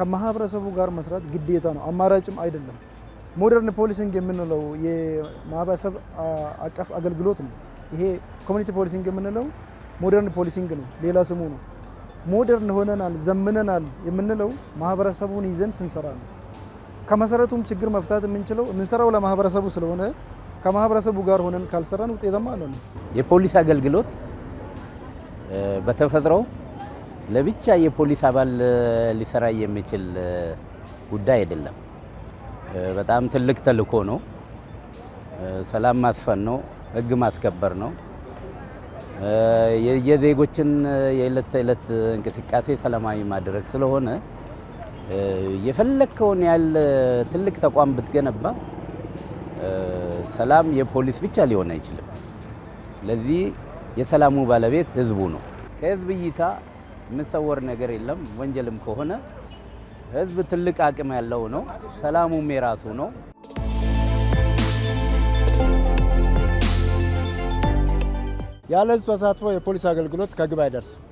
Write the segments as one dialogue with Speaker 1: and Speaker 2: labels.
Speaker 1: ከማህበረሰቡ ጋር መስራት ግዴታ ነው፣ አማራጭም አይደለም። ሞደርን ፖሊሲንግ የምንለው የማህበረሰብ አቀፍ አገልግሎት ነው። ይሄ ኮሚኒቲ ፖሊሲንግ የምንለው ሞደርን ፖሊሲንግ ነው፣ ሌላ ስሙ ነው። ሞደርን ሆነናል፣ ዘምነናል የምንለው ማህበረሰቡን ይዘን ስንሰራ ነው። ከመሰረቱም ችግር መፍታት የምንችለው የምንሰራው ለማህበረሰቡ ስለሆነ ከማህበረሰቡ ጋር ሆነን ካልሰራን ውጤታማ ነው።
Speaker 2: የፖሊስ አገልግሎት በተፈጥሮ ለብቻ የፖሊስ አባል ሊሰራ የሚችል ጉዳይ አይደለም። በጣም ትልቅ ተልእኮ ነው። ሰላም ማስፈን ነው፣ ህግ ማስከበር ነው። የዜጎችን የዕለት ተዕለት እንቅስቃሴ ሰላማዊ ማድረግ ስለሆነ የፈለግከውን ያህል ትልቅ ተቋም ብትገነባ ሰላም የፖሊስ ብቻ ሊሆን አይችልም። ለዚህ የሰላሙ ባለቤት ህዝቡ ነው። ከህዝብ እይታ የምትሰወር ነገር የለም። ወንጀልም ከሆነ ህዝብ ትልቅ አቅም ያለው ነው። ሰላሙም የራሱ ነው።
Speaker 1: ያለ ህዝብ ተሳትፎ የፖሊስ አገልግሎት ከግብ አይደርስም።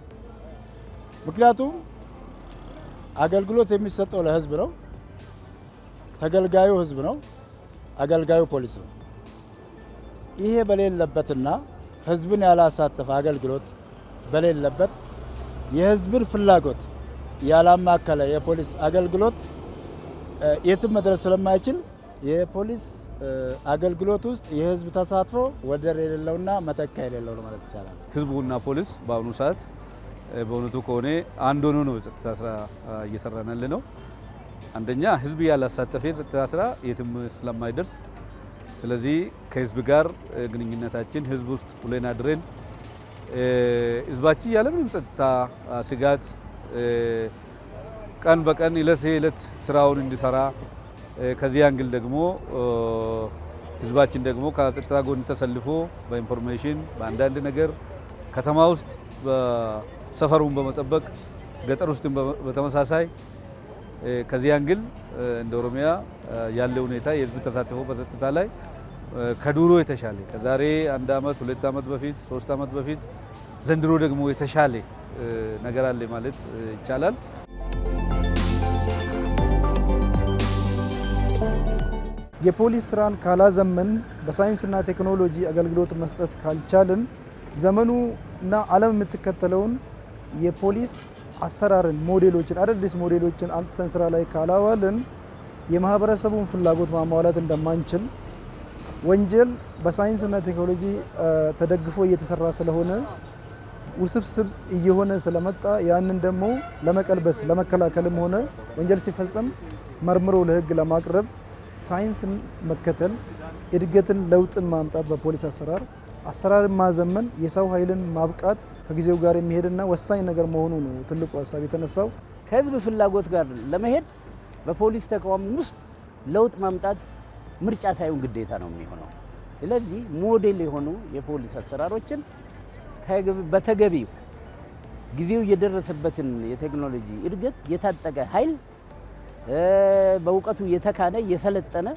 Speaker 1: ምክንያቱም አገልግሎት የሚሰጠው ለህዝብ ነው። ተገልጋዩ ህዝብ ነው፣ አገልጋዩ ፖሊስ ነው። ይሄ በሌለበትና ህዝብን ያላሳተፈ አገልግሎት በሌለበት የህዝብን ፍላጎት ያላማከለ የፖሊስ አገልግሎት የትም መድረስ ስለማይችል የፖሊስ አገልግሎት ውስጥ የህዝብ ተሳትፎ ወደር የሌለውና መተካ የሌለው ነው ማለት ይቻላል።
Speaker 3: ህዝቡና ፖሊስ በአሁኑ ሰዓት በእውነቱ ከሆነ አንድ ሆኖ ነው ጸጥታ ስራ እየሰራናል ነው። አንደኛ ህዝብ ያላሳተፈ ጸጥታ ስራ የትም ስለማይደርስ፣ ስለዚህ ከህዝብ ጋር ግንኙነታችን ህዝብ ውስጥ ሁሌና ድሬን ህዝባችን ያለምንም ጸጥታ ስጋት ቀን በቀን እለት እለት ስራውን እንዲሰራ ከዚህ አንግል ደግሞ ህዝባችን ደግሞ ከጸጥታ ጎን ተሰልፎ በኢንፎርሜሽን በአንዳንድ ነገር ከተማ ውስጥ ሰፈሩን በመጠበቅ ገጠር ውስጥም በተመሳሳይ ከዚህ አንግል እንደ ኦሮሚያ ያለ ሁኔታ የህዝብ ተሳትፎ በጸጥታ ላይ ከዱሮ የተሻለ ከዛሬ አንድ አመት ሁለት አመት በፊት ሶስት አመት በፊት ዘንድሮ ደግሞ የተሻለ ነገር አለ ማለት ይቻላል።
Speaker 1: የፖሊስ ስራን ካላዘመን በሳይንስና ቴክኖሎጂ አገልግሎት መስጠት ካልቻልን ዘመኑ እና ዓለም የምትከተለውን የፖሊስ አሰራርን ሞዴሎችን አዳዲስ ሞዴሎችን አምጥተን ስራ ላይ ካላዋልን የማህበረሰቡን ፍላጎት ማሟላት እንደማንችል ወንጀል በሳይንስና ቴክኖሎጂ ተደግፎ እየተሰራ ስለሆነ ውስብስብ እየሆነ ስለመጣ ያንን ደግሞ ለመቀልበስ ለመከላከልም ሆነ ወንጀል ሲፈጸም መርምሮ ለሕግ ለማቅረብ ሳይንስን መከተል፣ እድገትን፣ ለውጥን ማምጣት በፖሊስ አሰራር አሰራርን ማዘመን፣ የሰው ኃይልን ማብቃት ከጊዜው ጋር የሚሄድና ወሳኝ ነገር መሆኑ ነው ትልቁ ሀሳብ የተነሳው።
Speaker 2: ከህዝብ ፍላጎት ጋር ለመሄድ በፖሊስ ተቋም ውስጥ ለውጥ ማምጣት ምርጫ ሳይሆን ግዴታ ነው የሚሆነው። ስለዚህ ሞዴል የሆኑ የፖሊስ አሰራሮችን በተገቢው ጊዜው የደረሰበትን የቴክኖሎጂ እድገት የታጠቀ ኃይል በእውቀቱ የተካነ የሰለጠነ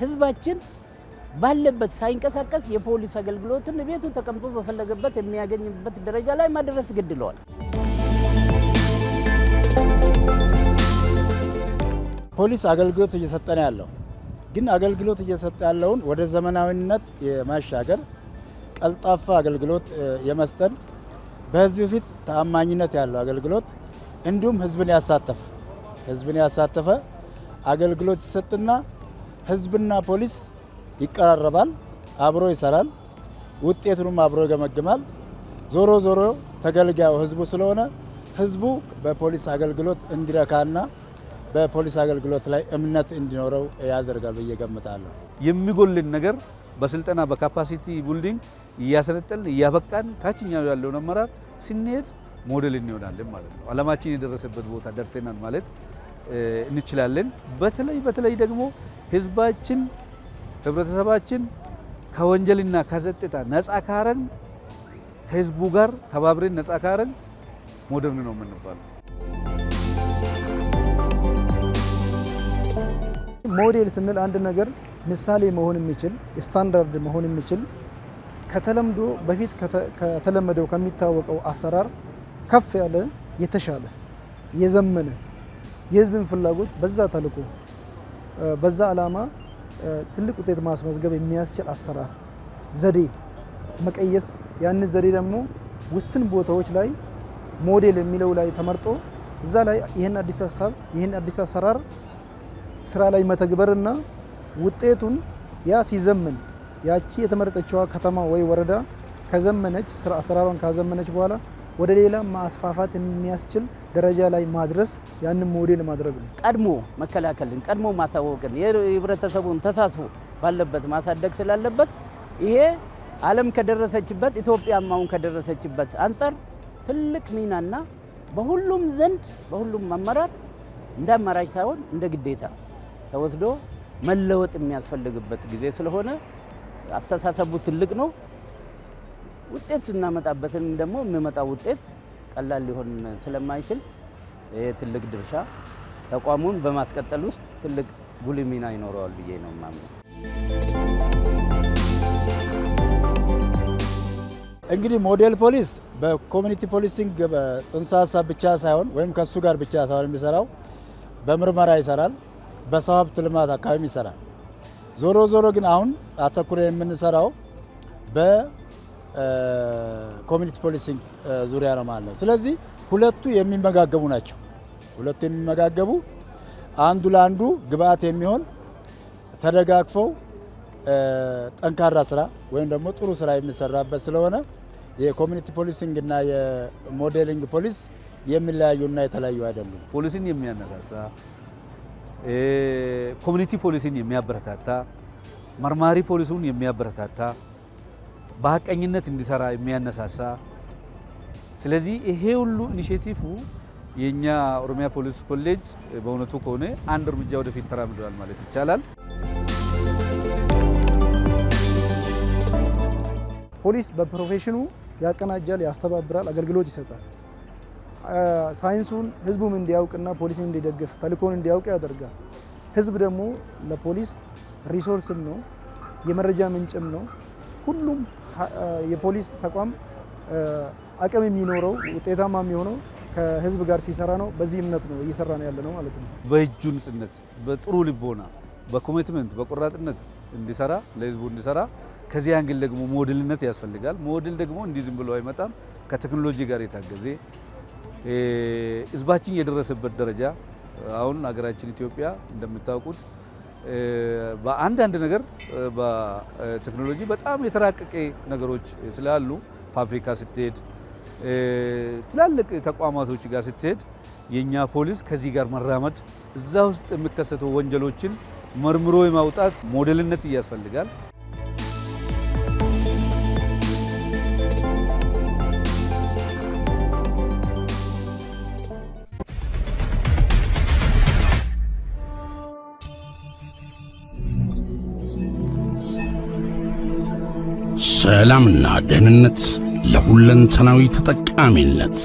Speaker 2: ህዝባችን ባለበት ሳይንቀሳቀስ የፖሊስ አገልግሎትን ቤቱ ተቀምጦ በፈለገበት የሚያገኝበት ደረጃ ላይ ማድረስ ግድለዋል።
Speaker 1: ፖሊስ አገልግሎት እየሰጠነ ያለው ግን አገልግሎት እየሰጠ ያለውን ወደ ዘመናዊነት የማሻገር ቀልጣፋ አገልግሎት የመስጠት በህዝብ ፊት ተአማኝነት ያለው አገልግሎት እንዲሁም ህዝብን ያሳተፈ ህዝብን ያሳተፈ አገልግሎት ይሰጥና ህዝብና ፖሊስ ይቀራረባል፣ አብሮ ይሰራል፣ ውጤቱንም አብሮ ይገመግማል። ዞሮ ዞሮ ተገልጋዩ ህዝቡ ስለሆነ ህዝቡ በፖሊስ አገልግሎት እንዲረካና በፖሊስ አገልግሎት ላይ እምነት እንዲኖረው ያደርጋል ብዬ ገምታለሁ።
Speaker 3: የሚጎልን ነገር በስልጠና በካፓሲቲ ቡልዲንግ እያሰለጠልን እያበቃን ታችኛው ያለውን አመራር ስንሄድ ሞዴል እንሆናለን ማለት ነው። አለማችን የደረሰበት ቦታ ደርሰናል ማለት እንችላለን። በተለይ በተለይ ደግሞ ህዝባችን፣ ህብረተሰባችን ከወንጀልና ከጸጥታ ነጻ ካረን ከህዝቡ ጋር ተባብረን ነጻ ካረን ሞደርን ነው የምንባለው።
Speaker 1: ሞዴል ስንል አንድ ነገር ምሳሌ መሆን የሚችል ስታንዳርድ መሆን የሚችል ከተለምዶ በፊት ከተለመደው ከሚታወቀው አሰራር ከፍ ያለ የተሻለ የዘመነ የህዝብን ፍላጎት በዛ ተልዕኮ በዛ ዓላማ ትልቅ ውጤት ማስመዝገብ የሚያስችል አሰራር ዘዴ መቀየስ ያንን ዘዴ ደግሞ ውስን ቦታዎች ላይ ሞዴል የሚለው ላይ ተመርጦ እዛ ላይ ይህን አዲስ ሀሳብ ይህን አዲስ አሰራር ስራ ላይ መተግበርና ውጤቱን ያ ሲዘምን ያቺ የተመረጠችዋ ከተማ ወይ ወረዳ ከዘመነች ስራ አሰራሯን ካዘመነች በኋላ ወደ ሌላ ማስፋፋት የሚያስችል ደረጃ ላይ ማድረስ ያንን ሞዴል ማድረግ ነው።
Speaker 2: ቀድሞ መከላከልን፣ ቀድሞ ማሳወቅን፣ የህብረተሰቡን ተሳትፎ ባለበት ማሳደግ ስላለበት ይሄ ዓለም ከደረሰችበት ኢትዮጵያም አሁን ከደረሰችበት አንጻር ትልቅ ሚናና በሁሉም ዘንድ በሁሉም አመራር እንደ አማራጭ ሳይሆን እንደ ግዴታ ተወስዶ መለወጥ የሚያስፈልግበት ጊዜ ስለሆነ አስተሳሰቡ ትልቅ ነው። ውጤት ስናመጣበትን ደግሞ የሚመጣው ውጤት ቀላል ሊሆን ስለማይችል ይሄ ትልቅ ድርሻ ተቋሙን በማስቀጠል ውስጥ ትልቅ ጉልህ ሚና ይኖረዋል ብዬ ነው የማምነው።
Speaker 1: እንግዲህ ሞዴል ፖሊስ በኮሚኒቲ ፖሊሲንግ ጽንሰ ሀሳብ ብቻ ሳይሆን ወይም ከሱ ጋር ብቻ ሳይሆን የሚሰራው በምርመራ ይሰራል። በሰው ሀብት ልማት አካባቢ ይሰራል። ዞሮ ዞሮ ግን አሁን አተኩረ የምንሰራው በኮሚኒቲ ፖሊሲንግ ዙሪያ ነው ማለት ነው። ስለዚህ ሁለቱ የሚመጋገቡ ናቸው። ሁለቱ የሚመጋገቡ አንዱ ለአንዱ ግብአት የሚሆን ተደጋግፈው ጠንካራ ስራ ወይም ደግሞ ጥሩ ስራ የሚሰራበት ስለሆነ የኮሚኒቲ ፖሊሲንግ እና የሞዴሊንግ ፖሊስ የሚለያዩና የተለያዩ አይደሉም።
Speaker 3: ፖሊሲን የሚያነሳሳ ኮሚኒቲ ፖሊሲን የሚያበረታታ መርማሪ ፖሊሲውን የሚያበረታታ በሀቀኝነት እንዲሰራ የሚያነሳሳ ስለዚህ ይሄ ሁሉ ኢኒሽቲቭ የእኛ ኦሮሚያ ፖሊስ ኮሌጅ በእውነቱ ከሆነ አንድ እርምጃ ወደፊት ተራምዷል ማለት ይቻላል።
Speaker 1: ፖሊስ በፕሮፌሽኑ ያቀናጃል፣ ያስተባብራል፣ አገልግሎት ይሰጣል። ሳይንሱን ህዝቡም እንዲያውቅና ፖሊስን እንዲደግፍ ተልእኮን እንዲያውቅ ያደርጋል። ህዝብ ደግሞ ለፖሊስ ሪሶርስም ነው፣ የመረጃ ምንጭም ነው። ሁሉም የፖሊስ ተቋም አቅም የሚኖረው ውጤታማ የሚሆነው ከህዝብ ጋር ሲሰራ ነው። በዚህ እምነት ነው እየሰራ ነው ያለ ነው ማለት ነው።
Speaker 3: በእጁ ንጽነት፣ በጥሩ ልቦና፣ በኮሚትመንት፣ በቆራጥነት እንዲሰራ ለህዝቡ እንዲሰራ ከዚህ አንግል ደግሞ ሞድልነት ያስፈልጋል። ሞድል ደግሞ እንዲህ ዝም ብሎ አይመጣም። ከቴክኖሎጂ ጋር የታገዜ ህዝባችን የደረሰበት ደረጃ አሁን ሀገራችን ኢትዮጵያ እንደምታውቁት በአንዳንድ ነገር በቴክኖሎጂ በጣም የተራቀቀ ነገሮች ስላሉ ፋብሪካ ስትሄድ ትላልቅ ተቋማቶች ጋር ስትሄድ የእኛ ፖሊስ ከዚህ ጋር መራመድ እዛ ውስጥ የሚከሰተው ወንጀሎችን መርምሮ የማውጣት ሞዴልነት ያስፈልጋል። ሰላምና ደህንነት ለሁለንተናዊ ተጠቃሚነት